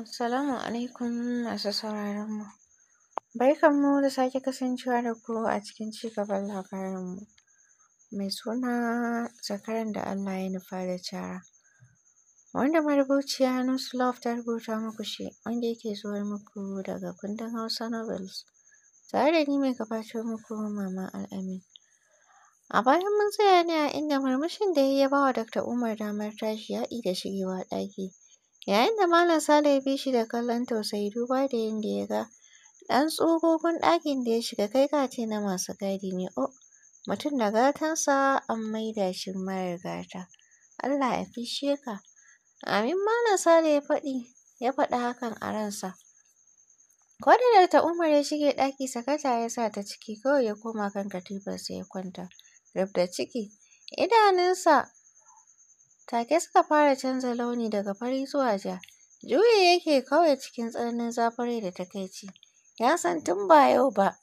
Assalamu alaikum masu sauraron mu. Barkan mu da sake kasancewa da ku a cikin cigaban labarin mu. Mai suna zakaran da Allah ya nufa da cara. Wanda marubuciya Nuslof ta rubuta muku shi wanda yake zuwa muku daga kundin Hausa Novels. Tare da ni mai gabatar muku Mama Al-Amin. A bayan mun tsaya ne a inda murmushin da ya yi ya ba wa Dr. Umar damar tashi yaƙi da shigewa ɗaki. Yayin da Malam Sale ya bi shi da kallon tausayi duba da yadda ya ga ɗan tsogogon ɗakin da ya shiga kai ka na masu gadi ne o. Oh, mutum da gatansa an maida shi mara gata. Allah ya fishe ka. Amin Malam Sale ya faɗi ya faɗi hakan a ransa. Kwadarar ta Umar ya shige ɗaki sakata ya sa ta ciki kawai ya koma kan katifarsa ya kwanta. Rubda ciki idanunsa Take suka fara canza launi daga fari zuwa ja. juye yake kawai cikin tsananin zafare da takaici. Ya san tun ba yau ba.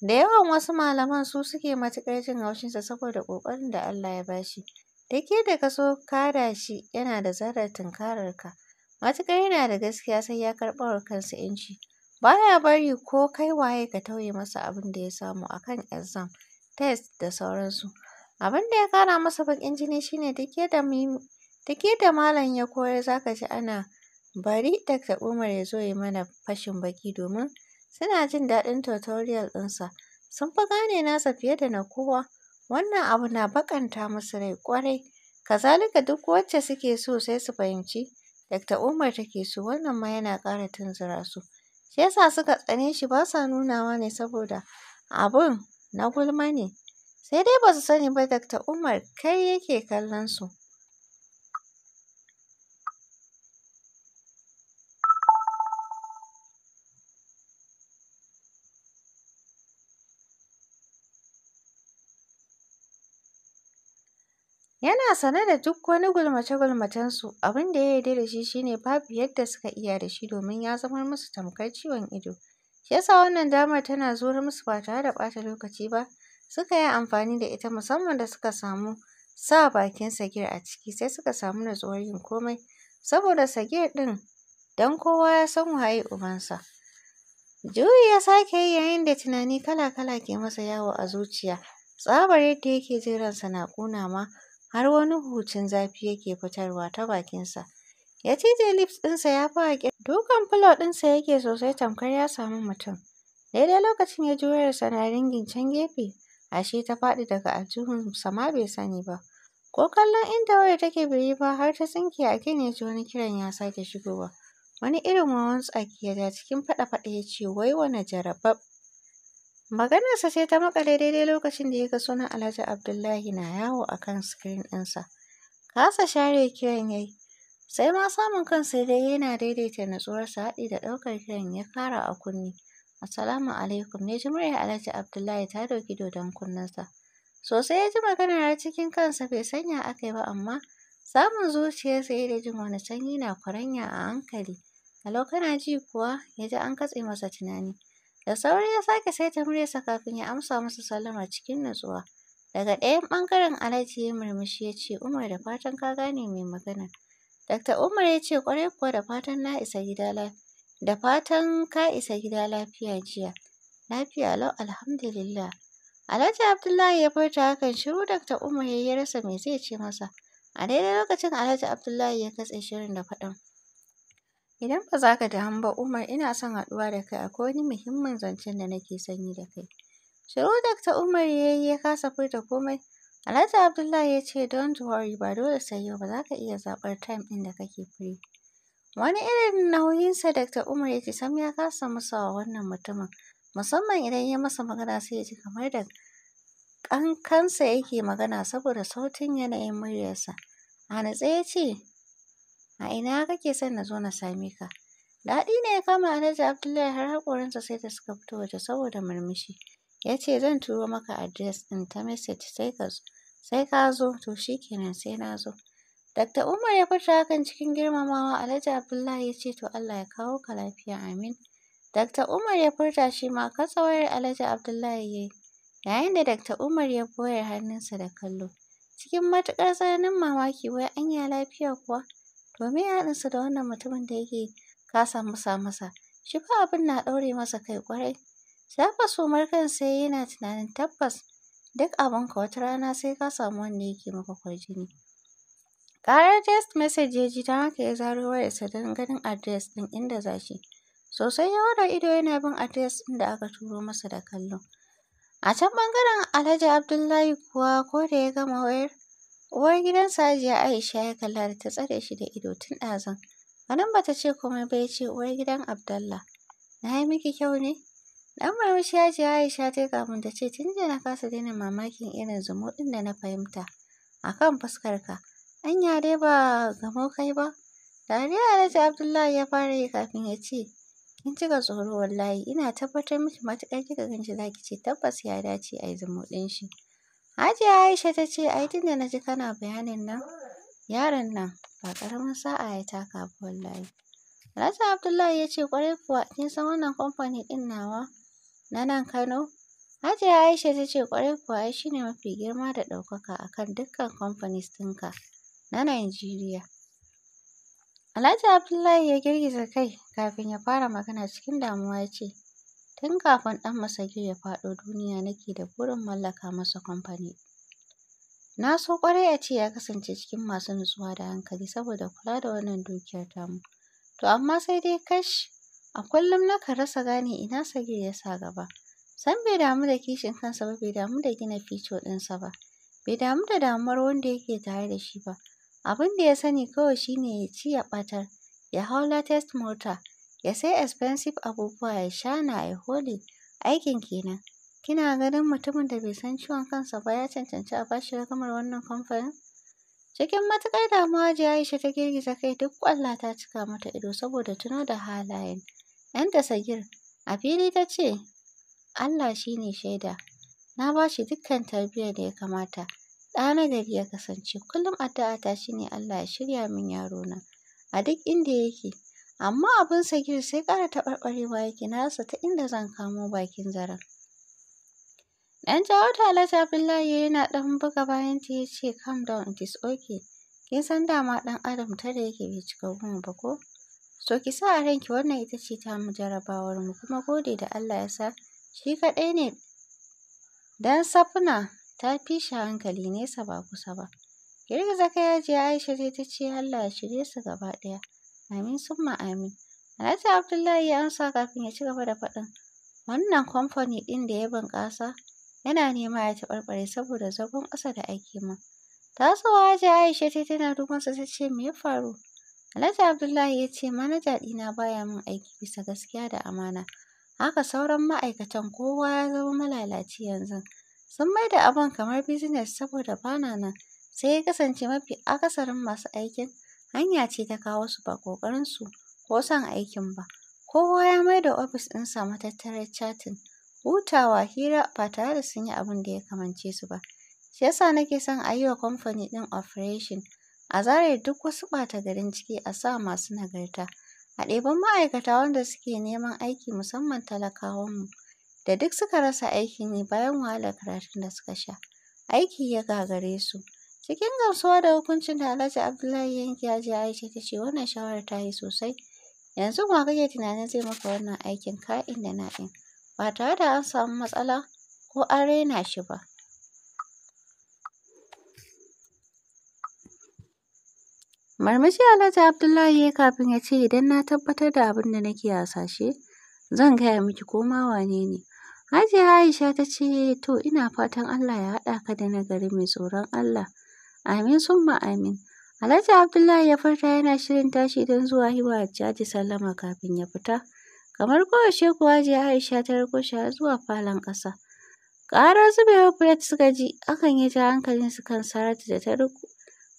Da yawan wasu malaman su suke matuƙar jin haushinsa saboda ƙoƙarin da Allah ya bashi. Duk da ka so kada shi yana da zarar ka Matuƙar yana da gaskiya sai ya karɓa wa kansa inci baya bari ko kai waye ka tauye masa abin da ya samu akan exam, test da sauransu. Abin da ya kara masa bakin jini shine ne duk yadda Duk yadda malam ya koyar za ka ji ana bari Dr. Umar ya zo ya mana fashin baki domin suna jin daɗin tutorial ɗinsa. Sun fi gane nasa fiye da na kowa. Wannan abu na baƙanta musu rai ƙwarai. Kazalika duk wacce suke so sai su fahimci Dr. Umar take so wannan ma yana ƙara tunzura su. Shi yasa suka tsane shi basa nunawa ne saboda abun na gulma ne. Sai dai ba su sani ba Dr. Umar kai yake kallon su. Yana sane da duk wani gulmace-gulmacensu, abin da ya yarda da shi shi ne babu yadda suka iya da shi domin ya zamar musu tamkar ciwon ido. Shi ya sa wannan damar tana zuwa musu ba tare da ɓata lokaci ba, suka yi amfani da ita musamman da suka samu sa bakin Sagir a ciki sai suka samu natsuwar yin komai, saboda Sagir ɗin don kowa ya san waye ubansa. Juyi ya sake yi yayin da tunani kala-kala ke masa yawo a zuciya, tsabar yadda yake jin ransa na ƙuna ma har wani hucin zafi yake fitarwa ta bakinsa. Ya cije lips ɗinsa ya fi haƙe. Dukan fulo ɗinsa yake sosai tamkar ya samu mutum. Daidai lokacin ya ji wayarsa na ringin can gefe, ashe ta faɗi daga aljihunsa ma bai sani ba. Ko kallon inda wayar take bai yi ba har ta tsinke a kan ya ji wani kiran ya sake shigowa. Wani irin wawan tsaki ya ja cikin faɗa-faɗa ya ce wai wane jarabab. Maganarsa ce ta makale daidai lokacin da ya ga sunan Alhaji Abdullahi na yawo a kan sikirin ɗinsa. Kasa share kiran ya yi, sai ma samun kansa dai yana daidaita natsuwarsa haɗi da ɗaukar kiran ya kara a kunni. Assalamu alaikum ne ji muryar Alhaji Abdullahi ta ɗauki dodon kunnensa. Sosai ya ji maganar har cikin kansa bai sanya aka yi ba amma samun zuciyarsa ya da jin wani sanyi na kwaranya a hankali. Alau kana ji kuwa ya ji an katse masa tunani. Da sauri ya sake saita muryarsa kafin ya amsa musu sallama cikin natsuwa. Daga ɗayan ɓangaren Alhaji ya murmushi ya ce, Umar da fatan ka gane mai magana. Dr. Umar ya ce, ƙwarai kuwa da fatan na isa gida Da fatan ka isa gida lafiya jiya. Lafiya lau alhamdulillah. Alhaji Abdullahi ya furta hakan shiru Dr. Umar ya yi rasa me zai ce masa. A daidai lokacin Alhaji Abdullahi ya katse shirin da faɗan. Idan ba za ka damu ba Umar ina son haɗuwa da kai akwai wani muhimmin zancen da nake sanyi da kai. Shiru Dakta Umar ya yi ya kasa furta komai. Alhaji Abdullahi ya ce don't worry ba dole sai yau ba za ka iya zaɓar time ɗin da kake free. Wani irin nauyinsa Dakta Umar ya ce sam ya kasa masa wa wannan mutumin musamman idan ya masa magana sai ya ji kamar da ƙankansa yake magana saboda sautin yanayin muryarsa. A natse ya ce A ina kake son na zo na same ka? Daɗi ne ya kama Alhaji Abdullahi har haƙorinsa sai da suka fito waje saboda murmushi. Ya ce zan turo maka adres ɗin ta message sai ka zo. Sai ka zo, to shi kenan sai na zo. Dakta Umar ya furta hakan cikin girmamawa Alhaji Abdullahi ya ce to Allah ya kawo ka lafiya amin. Dakta Umar ya furta shi ma katsa wayar Alhaji Abdullahi ya yi. Yayin da Dakta Umar ya koyar hannunsa da kallo. Cikin matuƙar tsananin mamaki wai anya lafiya kuwa? To me ya haɗinsa da wannan mutumin da yake kasa musa masa? Shi abin na ɗaure masa kai ƙwarai. Shafa sumar sai yana tunanin tabbas duk abin ka wata rana sai ka samu wanda yake maka jini. Ƙarar test message ya ji don haka ya zaro wayarsa don ganin adres ɗin inda za shi. Sosai ya wada ido yana bin adres ɗin da aka turo masa da kallo. A can ɓangaren Alhaji Abdullahi kuwa ko da ya gama wayar Uwar gidansa Hajiya Aisha ya kalla da ta tsare shi da ido tun ɗazun. Ganin ba ta ce komai ba ya ce uwar gidan Abdallah. Na yi miki kyau ne? Dan murmushi ce Aisha ta yi kafin ta ce tun jiya na kasa daina mamakin irin zumuɗin da na fahimta a kan fuskarka. Anya dai ba gamo kai ba? Dariya Alhaji Abdullahi ya fara yi kafin ya ce, Kin cika tsoro wallahi, ina tabbatar miki matuƙar kika ganshi za ki ce tabbas ya dace a yi zumuɗin shi. Hajiya Aisha ta ce, ai tun da na ji kana bayanin nan, yaron nan ba ƙaramin sa'a ya taka ba wallahi. Alhaji Abdullahi ya ce, ƙwarai kuwa, kin san wannan kamfani ɗin nawa na nan Kano? Hajiya Aisha ta ce, ƙwarai kuwa, ai shi mafi girma da ɗaukaka a kan dukkan kamfanis ɗinka na Najeriya. Alhaji Abdullahi ya girgiza kai kafin ya fara magana cikin damuwa ya ce, Tun kafin ɗan Masaki ya faɗo duniya nake da burin mallaka masa kamfani. Na so ƙwarai a ce ya kasance cikin masu nutsuwa da hankali saboda kula da wannan dukiyar tamu. To amma sai dai kash, a kullum nakan rasa gane ina Sagir ya sa gaba. Sam bai damu da kishin kansa ba, bai damu da gina fico ɗinsa ba, bai damu da damuwar wanda yake tare da shi ba. Abin da ya sani kawai shi ne ya ci ya ɓatar, ya hau latest mota, ya sai expensive abubuwa ya sha na ya hole aikin kenan kina ganin mutumin da bai san ciwon kansa ba ya cancanci a bashi ragamar wannan kamfanin cikin matuƙar damuwa ji aisha ta girgiza kai duk ƙwalla ta cika mata ido saboda tuno da halayen Yan da sagir a fili ta ce allah shine shaida na bashi dukkan tarbiyyar da ya kamata ɗa gari ya kasance kullum addu'a ta shine allah ya shirya min yaro na. a duk inda yake amma abin sakir sai kara taɓarɓarewa yake nasa ta inda zan kamo bakin zaren dan jawo tala tafin layi yana ɗan buga bayan ta ya ce calm down it is okay kin san dama ɗan adam ta yake bai cika goma ba ko so ki sa a ranki wannan ita ce ta mu jarabawar mu kuma gode da Allah ya sa shi kaɗai ne dan safuna ta fi shi hankali nesa ba kusa ba girgiza kai ya je Aisha ta ce Allah ya shirye su gaba ɗaya Amin summa amin. Alhaji Abdullahi ya amsa kafin ya ci gaba da faɗin. Wannan kamfani ɗin da ya bunƙasa yana nema ya taɓarɓare saboda zagon ƙasa da ake ma Tasowa Hajiya Aisha ta tana duban sa ta ce me ya faru? Alhaji Abdullahi ya ce manaja ɗina baya min aiki bisa gaskiya da amana. Haka sauran ma'aikatan kowa ya zama malalaci yanzu. Sun mai da abin kamar bizines saboda bana nan. Sai ya kasance mafi akasarin masu aikin hanya ce ta kawo su ba su ko son aikin ba. Kowa ya mai da ofis ɗinsa matattarar catin, hutawa, hira ba tare da sun yi abin da ya kamance su ba. Shi yasa nake son a yi wa kamfani ɗin operation, a zare duk wasu ɓata garin ciki a sa masu nagarta, a ɗeban ma'aikata wanda suke neman aiki musamman talakawanmu, da duk suka rasa aikin yi bayan wahalar karatun da suka sha. Aiki ya gagare su. Cikin gamsuwa da hukuncin da Alhaji Abdullahi ya yanke Aisha ta ce wannan shawarar ta yi sosai. Yanzu ma kake tunanin zai maka wannan aikin ka'in da na'in ba tare da an samu matsala ko an raina shi ba. Marmashi Alhaji Abdullahi ya kafin ya ce idan na tabbatar da abin da nake hasashe zan gaya miki ko ma wane ne. Hajiya Aisha ta ce to ina fatan Allah ya haɗa ka da nagari mai tsoron Allah. Amin summa amin. Alhaji Abdullahi ya furta yana shirin tashi don zuwa hiwa a sallama kafin ya fita. Kamar kowace kuwa je Aisha ta rako zuwa falon ƙasa. Ƙarar zubewar filet suka ji, Akan ya ta hankalin su kan Saratu da ta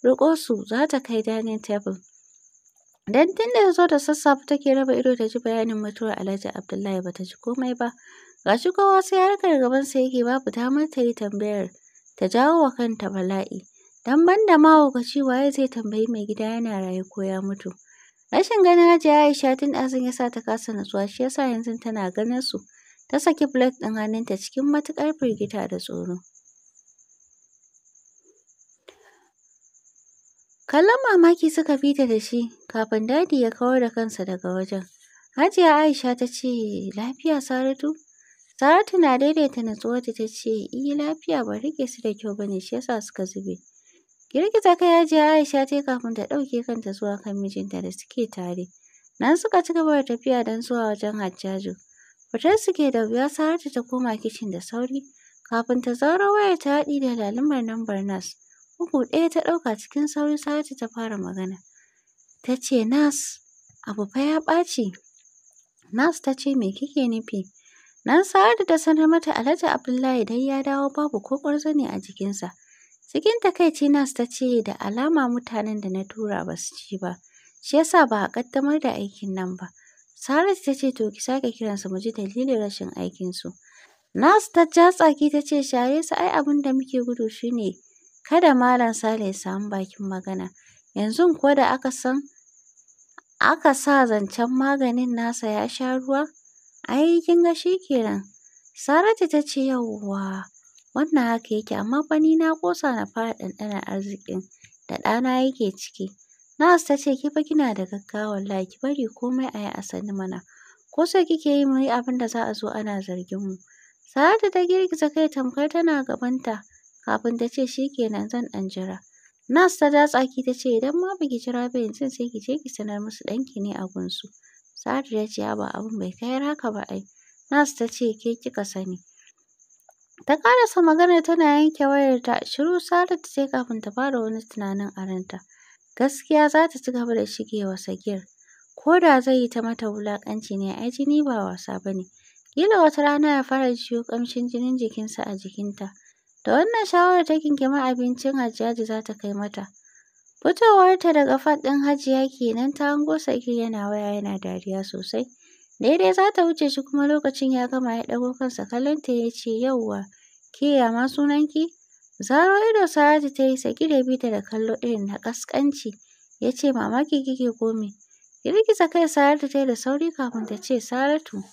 riƙo su za ta kai dining table. Dan tun da ya zo da sassafe take raba ido ta ji bayanin mutuwar Alhaji Abdullahi bata ji komai ba. Ga shi kowa sai harkar gabansa yake babu damar ta yi tambayar ta jawo wa kanta bala'i. Dan ban da mahaukaci waye zai tambayi mai gida yana raye ko ya mutu. Rashin ganin Hajiya Aisha tun ɗazun ya sa ta kasa natsuwa shi yasa yanzu tana ganin su. Ta saki plate ɗin hannunta cikin matuƙar firgita da tsoro. Kallon mamaki suka fita da shi kafin dadi ya kawar da kansa daga wajen. Hajiya Aisha ta ce, Lafiya Saratu? Saratu na daidaita natsuwa ta ce, Iyi eh, lafiya ba rike su da kyau ba ne shi yasa suka zube. Girgiza kai ji Aisha ta kafin ta ɗauke kanta zuwa kan mijinta da suke tare. Nan suka ci gaba da tafiya don zuwa wajen Hajjaju. Fitar suke da wuya Saratu ta koma kicin da sauri kafin ta zauro waya ta haɗi da lalumar lambar nas. uku ɗaya ta ɗauka cikin sauri Saratu ta fara magana. Ta ce nas abu fa ya ɓaci. Nas ta ce me kike nufi? Nan Saratu ta sanar mata Alhaji Abdullahi dai ya dawo babu ko ƙwarzo ne a jikinsa. Cikin takaici Nas ta ce da alama mutanen da na tura ba su ji ba, shi yasa ba a ƙaddamar da aikin nan ba. Saratu ta ce to ki sake kiransu mu ji dalilin rashin aikinsu. Nas ta ja tsaki ta ce share su ai abin da muke gudu shine kada Malam Sale ya samu bakin magana. Yanzu ko da aka san aka sa zancen maganin nasa ya sha ruwa, ai kin ga shi kiran. Saratu ta ce yawwa Wannan haka yake amma fa ni na ƙosa na fara ɗanɗanar arzikin, da ɗana yake ciki. Nas ta ce ke fa kina da gaggawa wallahi ki bari komai a yi a sani mana. Ko sai kike yi mu yi abin da za a zo ana zargin mu. Saratu ta girgiza kai tamkar tana gabanta kafin ta ce shi kenan zan ɗan jira. Nas ta datsa ki ta ce idan ma baki jira ba yanzu sai ki je ki sanar musu ɗanki ne a gunsu. Saratu ya ce ba abin bai kayar haka ba ai. Nas ta ce ke kika sani. Ta karasa magana tana yanke wayarta, shiru Saratu sai kafin ta fara wani tunanin a ranta. Gaskiya za ta ci gaba da shigewa Sagir. Ko da zai yi ta mata wulaƙanci ne, ai jini ba wasa ba ne. Kila wata rana ya fara jiyo ƙamshin jinin jikinsa a jikinta. Da wannan shawarar ta kinkima abincin Hajjaji za ta kai mata. Fitowarta daga faɗin hajiya kenan ta hango Sagir yana waya yana dariya sosai. Daidai za ta wuce shi kuma lokacin ya gama ya ɗago kansa kallonta ya ce yauwa ke ya ma sunanki? Zaro ido Saratu ta yi saki da bita da kallo irin na ƙasƙanci ya ce mamaki kike ko me? Girgiza kai Saratu ta yi da sauri kafin ta ce Saratu.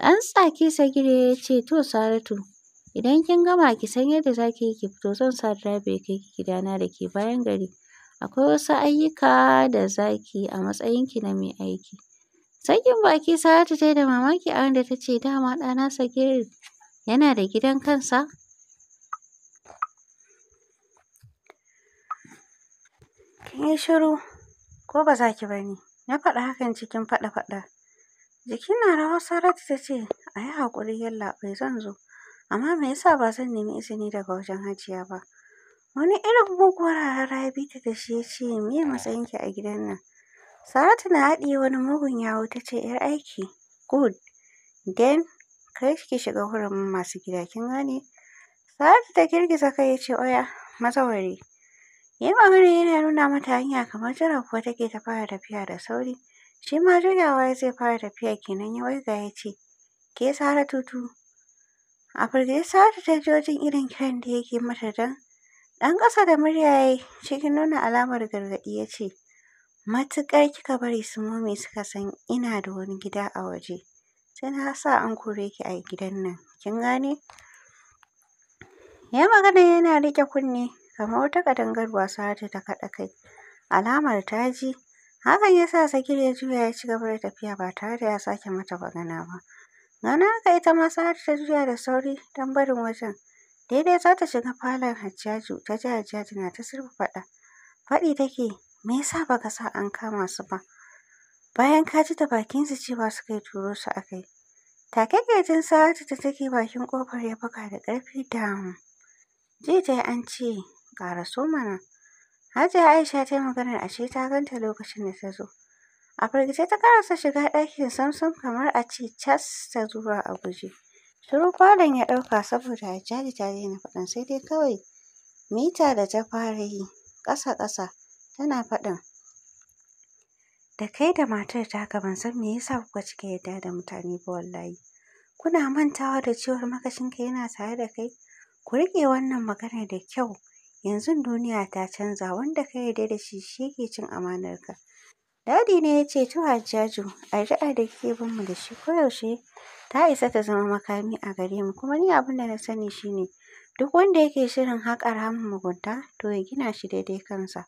Ɗan tsaki Sagire ya ce to Saratu idan kin gama ki san yadda za ki yi ki fito zan sa direba ya kai ki gidana da ke bayan gari. Akwai wasu ayyuka da za ki yi a matsayinki na mai aiki. Sakin baki Saratu ta yi da mamaki a wanda ta ce dama ɗana Sagir yana da gidan kansa. Kin yi shiru ko ba za ki bani? Ya faɗa hakan cikin faɗa-faɗa. Jiki na rawa Saratu ta ce a yi haƙuri yallaɓai zan zo. Amma me yasa ba zan nemi izini daga wajen Hajiya ba? Wani irin muguwar harara ta da shi ya ce me matsayinki a gidan nan? Saratu na haɗi wani mugun yawo ta ce, ‘yar aiki, good, den kai ki shiga hurumin masu gida, kin gane? Saratu ta girgiza kai ya ce, oya, mazaure. Ya yi magana yana nuna mata hanya kamar jira kuwa take ta fara tafiya da sauri. Shi ma ya zai fara tafiya kenan ya waiga ya ce, ke Saratu tu. A firgice Saratu ta ji wajen irin kiran da yake mata don ɗan ƙasa da murya ya yi cikin nuna alamar gargaɗi ya ce, Matukar kika bari su momi suka san ina da wani gida a waje sai na sa an kore ki a gidan nan kin gane ya magana yana riƙe kunne kamar wata katangarwa Saratu ta kaɗa kai alamar ta ji hakan ya sa sakir ya juya ya ci gaba da tafiya ba tare da ya sake mata magana ba gana haka ita ma Saratu ta juya da sauri don barin wajen daidai za ta shiga falon Hajjaju ta ji Hajjaju na ta sirfa faɗa faɗi take me yasa baka sa an kama su ba bayan ka ji da bakinsu cewa suka yi turo su Ta kai take jin sa'atu ta take bakin kofar ya buga da ƙarfi da jijai an ce ƙara so mana hajiya aisha ta yi maganar ashe ta ganta lokacin da ta zo a firgice ta karasa shiga ɗakin samsam kamar a ce cas ta zura a guje shiru falon ya ɗauka saboda jaji ta daina faɗan sai dai kawai mita da ta fara yi ƙasa ƙasa tana faɗin da kai da matar taka ban san me yasa kuka cika yadda da mutane ba wallahi kuna mantawa da cewar makashinka yana tare da kai ku riƙe wannan magana da kyau yanzu duniya ta canza wanda ka yarda da shi shi yake cin amanar ka. dadi ne ya ce to hajjaju addu'a da kike bin mu da shi koyaushe ta isa ta zama makami a gare mu kuma ni abin da na sani shine duk wanda yake shirin haƙa ramin mugunta to ya gina shi daidai kansa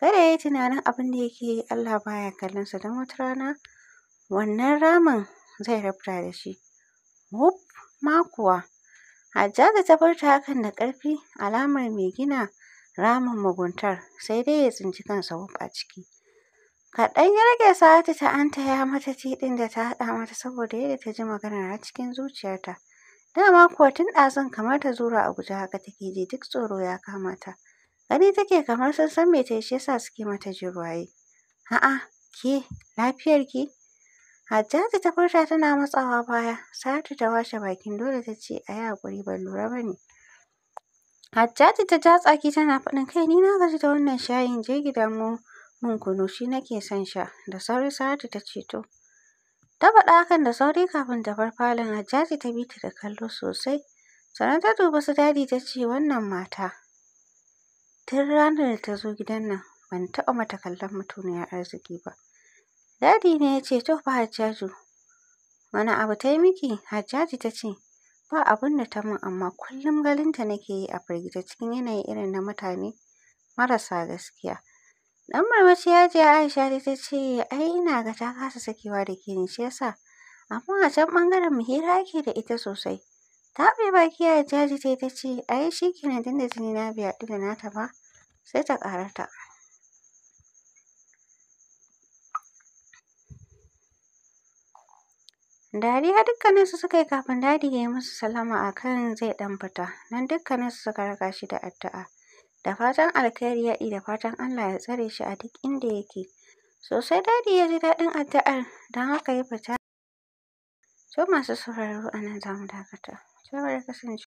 Kada ya yi tunanin abin da yake yi Allah baya kallon sa don wata rana wannan ramin zai rabta da shi. Wuf ma kuwa. Hajjaja ta bar hakan da ƙarfi alamar mai gina ramin muguntar sai dai ya tsinci kansa wuf a ciki. Kaɗan ya rage sa'ati ta an taya mata tiɗin da ta haɗa mata saboda yadda ta ji maganar a cikin zuciyarta. Dama kuwa tun ɗazun kamar ta zura a guje haka take ji duk tsoro ya kama ta. Gani take kamar sun san me ta yi shi yasa suke mata jirwaye. A'a, ke lafiyar ki? Hajjatu ta furta tana matsawa baya. Saratu ta washe bakin dole ta ce a yi haƙuri ban lura ba ne. ta ja tsaki tana faɗin kai ni na gaji da wannan shayin je gidan mu mun kunu shi nake son sha. Da sauri Saratu ta ce to. Ta faɗa hakan da sauri kafin ta bar falon Hajjatu ta bi ta da kallo sosai. Sannan ta duba su dadi ta ce wannan mata Tun ranar da ta zo gidan nan ban taɓa mata kallon mutuniyar arziki ba. Dadi ne ya ce to fa Hajjaju wani abu ta yi miki Hajjaju ta ce ba abun da ta min amma kullum galinta nake yi a firgita cikin yanayi irin na mutane marasa gaskiya. Dan marmaci ya je Aisha dai ta ce ai ina ga ta kasa sakewa da ke ni shi yasa amma a can bangaren mu hira ake da ita sosai. Taɓe baki ya jaji ta ta ce, ai shi kenan dinda jini na biya ɗin da nata ba, sai ta ƙarata. Dariya dukkaninsu suka yi kafin dadi ya yi musu salama a kan zai ɗan fita, nan dukkaninsu suka raka shi da addu'a. Da fatan alkhairi ya da fatan Allah ya tsare shi a duk inda yake. Sosai dadi ya ji daɗin addu'ar, don haka ya fita. To masu sauraro a nan za mu dakata. 再个一个是。序。